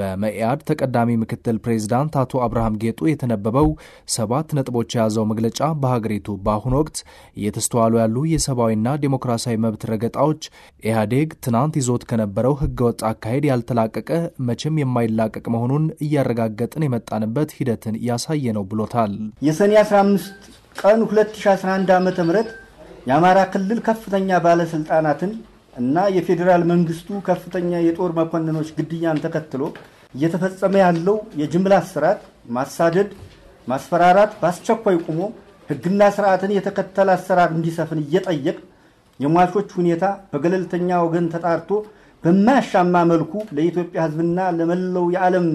በመኢአድ ተቀዳሚ ምክትል ፕሬዚዳንት አቶ አብርሃም ጌጡ የተነበበው ሰባት ነጥቦች የያዘው መግለጫ በሀገሪቱ በአሁኑ ወቅት እየተስተዋሉ ያሉ የሰብአዊና ዴሞክራሲያዊ መብት ረገጣዎች ኢህአዴግ ትናንት ይዞት ከነበረው ህገወጥ አካሄድ ያልተላቀቀ መቼም የማይላቀቅ መሆኑን እያረጋገጥን የመጣንበት ሂደትን ያሳየ ነው ብሎታል። የሰኔ 15 ቀን 2011 ዓ ም የአማራ ክልል ከፍተኛ ባለስልጣናትን እና የፌዴራል መንግስቱ ከፍተኛ የጦር መኮንኖች ግድያን ተከትሎ እየተፈጸመ ያለው የጅምላ ስርዓት፣ ማሳደድ፣ ማስፈራራት በአስቸኳይ ቁሞ ህግና ስርዓትን የተከተለ አሰራር እንዲሰፍን እየጠየቅ የሟቾች ሁኔታ በገለልተኛ ወገን ተጣርቶ በማያሻማ መልኩ ለኢትዮጵያ ህዝብና ለመላው የዓለም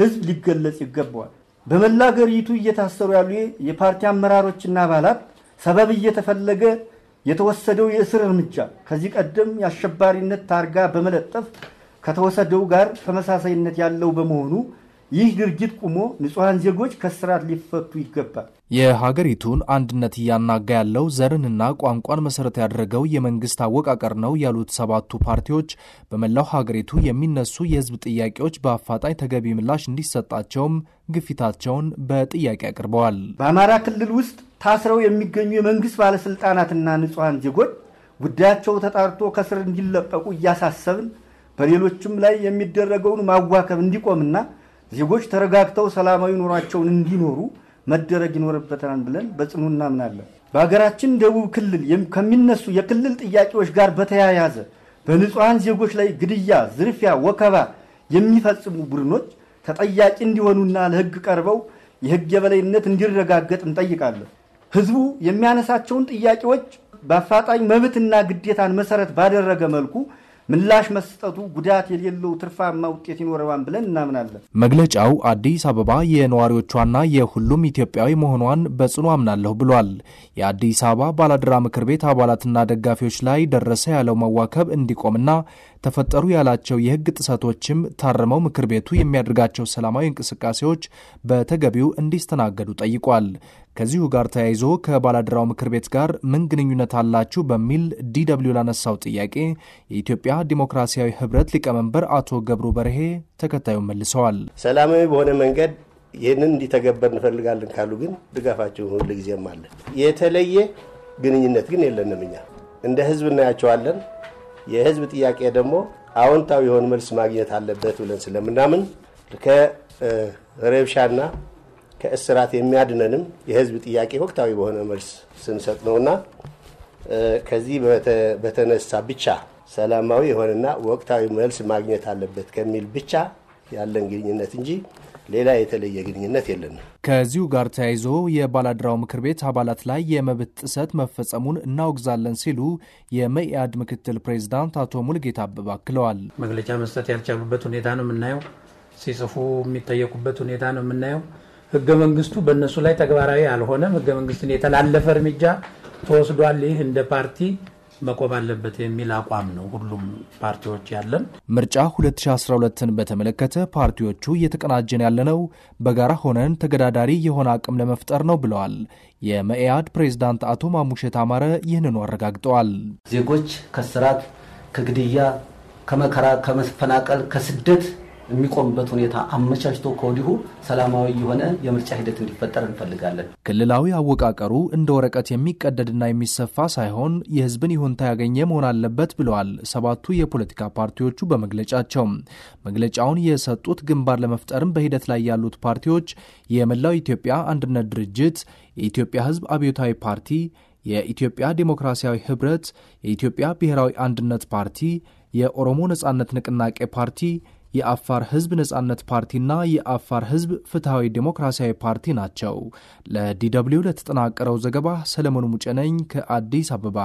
ህዝብ ሊገለጽ ይገባዋል። በመላ አገሪቱ እየታሰሩ ያሉ የፓርቲ አመራሮችና አባላት ሰበብ እየተፈለገ የተወሰደው የእስር እርምጃ ከዚህ ቀደም የአሸባሪነት ታርጋ በመለጠፍ ከተወሰደው ጋር ተመሳሳይነት ያለው በመሆኑ ይህ ድርጊት ቁሞ ንጹሐን ዜጎች ከስርዓት ሊፈቱ ይገባል። የሀገሪቱን አንድነት እያናጋ ያለው ዘርንና ቋንቋን መሰረት ያደረገው የመንግስት አወቃቀር ነው ያሉት ሰባቱ ፓርቲዎች በመላው ሀገሪቱ የሚነሱ የህዝብ ጥያቄዎች በአፋጣኝ ተገቢ ምላሽ እንዲሰጣቸውም ግፊታቸውን በጥያቄ አቅርበዋል። በአማራ ክልል ውስጥ ታስረው የሚገኙ የመንግስት ባለስልጣናትና ንጹሐን ዜጎች ጉዳያቸው ተጣርቶ ከስር እንዲለቀቁ እያሳሰብን በሌሎችም ላይ የሚደረገውን ማዋከብ እንዲቆምና ዜጎች ተረጋግተው ሰላማዊ ኑሯቸውን እንዲኖሩ መደረግ ይኖርበታል ብለን በጽኑ እናምናለን። በሀገራችን ደቡብ ክልል ከሚነሱ የክልል ጥያቄዎች ጋር በተያያዘ በንጹሐን ዜጎች ላይ ግድያ፣ ዝርፊያ፣ ወከባ የሚፈጽሙ ቡድኖች ተጠያቂ እንዲሆኑና ለሕግ ቀርበው የሕግ የበላይነት እንዲረጋገጥ እንጠይቃለን። ህዝቡ የሚያነሳቸውን ጥያቄዎች በአፋጣኝ መብትና ግዴታን መሰረት ባደረገ መልኩ ምላሽ መስጠቱ ጉዳት የሌለው ትርፋማ ውጤት ይኖረዋን ብለን እናምናለን። መግለጫው አዲስ አበባ የነዋሪዎቿና የሁሉም ኢትዮጵያዊ መሆኗን በጽኑ አምናለሁ ብሏል። የአዲስ አበባ ባላደራ ምክር ቤት አባላትና ደጋፊዎች ላይ ደረሰ ያለው መዋከብ እንዲቆምና ተፈጠሩ ያላቸው የሕግ ጥሰቶችም ታርመው ምክር ቤቱ የሚያደርጋቸው ሰላማዊ እንቅስቃሴዎች በተገቢው እንዲስተናገዱ ጠይቋል። ከዚሁ ጋር ተያይዞ ከባላደራው ምክር ቤት ጋር ምን ግንኙነት አላችሁ በሚል ዲደብሊው ላነሳው ጥያቄ የኢትዮጵያ ዲሞክራሲያዊ ህብረት ሊቀመንበር አቶ ገብሩ በርሄ ተከታዩን መልሰዋል። ሰላማዊ በሆነ መንገድ ይህንን እንዲተገበር እንፈልጋለን ካሉ ግን ድጋፋቸው ጊዜም አለ። የተለየ ግንኙነት ግን የለንም። እኛ እንደ ህዝብ እናያቸዋለን። የህዝብ ጥያቄ ደግሞ አዎንታዊ የሆነ መልስ ማግኘት አለበት ብለን ስለምናምን ከረብሻና ከእስራት የሚያድነንም የህዝብ ጥያቄ ወቅታዊ በሆነ መልስ ስንሰጥ ነውና ከዚህ በተነሳ ብቻ ሰላማዊ የሆነና ወቅታዊ መልስ ማግኘት አለበት ከሚል ብቻ ያለን ግንኙነት እንጂ ሌላ የተለየ ግንኙነት የለንም። ከዚሁ ጋር ተያይዞ የባላድራው ምክር ቤት አባላት ላይ የመብት ጥሰት መፈጸሙን እናወግዛለን ሲሉ የመኢአድ ምክትል ፕሬዚዳንት አቶ ሙልጌታ አበባ አክለዋል። መግለጫ መስጠት ያልቻሉበት ሁኔታ ነው የምናየው። ሲጽፉ የሚጠየቁበት ሁኔታ ነው የምናየው። ህገ መንግስቱ በእነሱ ላይ ተግባራዊ አልሆነም። ህገ መንግስትን የተላለፈ እርምጃ ተወስዷል። ይህ እንደ ፓርቲ መቆም አለበት የሚል አቋም ነው ሁሉም ፓርቲዎች ያለን። ምርጫ 2012ን በተመለከተ ፓርቲዎቹ እየተቀናጀን ያለነው በጋራ ሆነን ተገዳዳሪ የሆነ አቅም ለመፍጠር ነው ብለዋል። የመኢአድ ፕሬዝዳንት አቶ ማሙሸት አማረ ይህንኑ አረጋግጠዋል። ዜጎች ከስራት፣ ከግድያ፣ ከመከራ፣ ከመፈናቀል፣ ከስደት የሚቆምበት ሁኔታ አመቻችቶ ከወዲሁ ሰላማዊ የሆነ የምርጫ ሂደት እንዲፈጠር እንፈልጋለን። ክልላዊ አወቃቀሩ እንደ ወረቀት የሚቀደድና የሚሰፋ ሳይሆን የህዝብን ይሁንታ ያገኘ መሆን አለበት ብለዋል ሰባቱ የፖለቲካ ፓርቲዎቹ በመግለጫቸው። መግለጫውን የሰጡት ግንባር ለመፍጠርም በሂደት ላይ ያሉት ፓርቲዎች የመላው ኢትዮጵያ አንድነት ድርጅት፣ የኢትዮጵያ ህዝብ አብዮታዊ ፓርቲ፣ የኢትዮጵያ ዴሞክራሲያዊ ህብረት፣ የኢትዮጵያ ብሔራዊ አንድነት ፓርቲ፣ የኦሮሞ ነጻነት ንቅናቄ ፓርቲ የአፋር ህዝብ ነጻነት ፓርቲና የአፋር ህዝብ ፍትሐዊ ዴሞክራሲያዊ ፓርቲ ናቸው። ለዲ ለተጠናቀረው ዘገባ ሰለሞን ሙጨነኝ ከአዲስ አበባ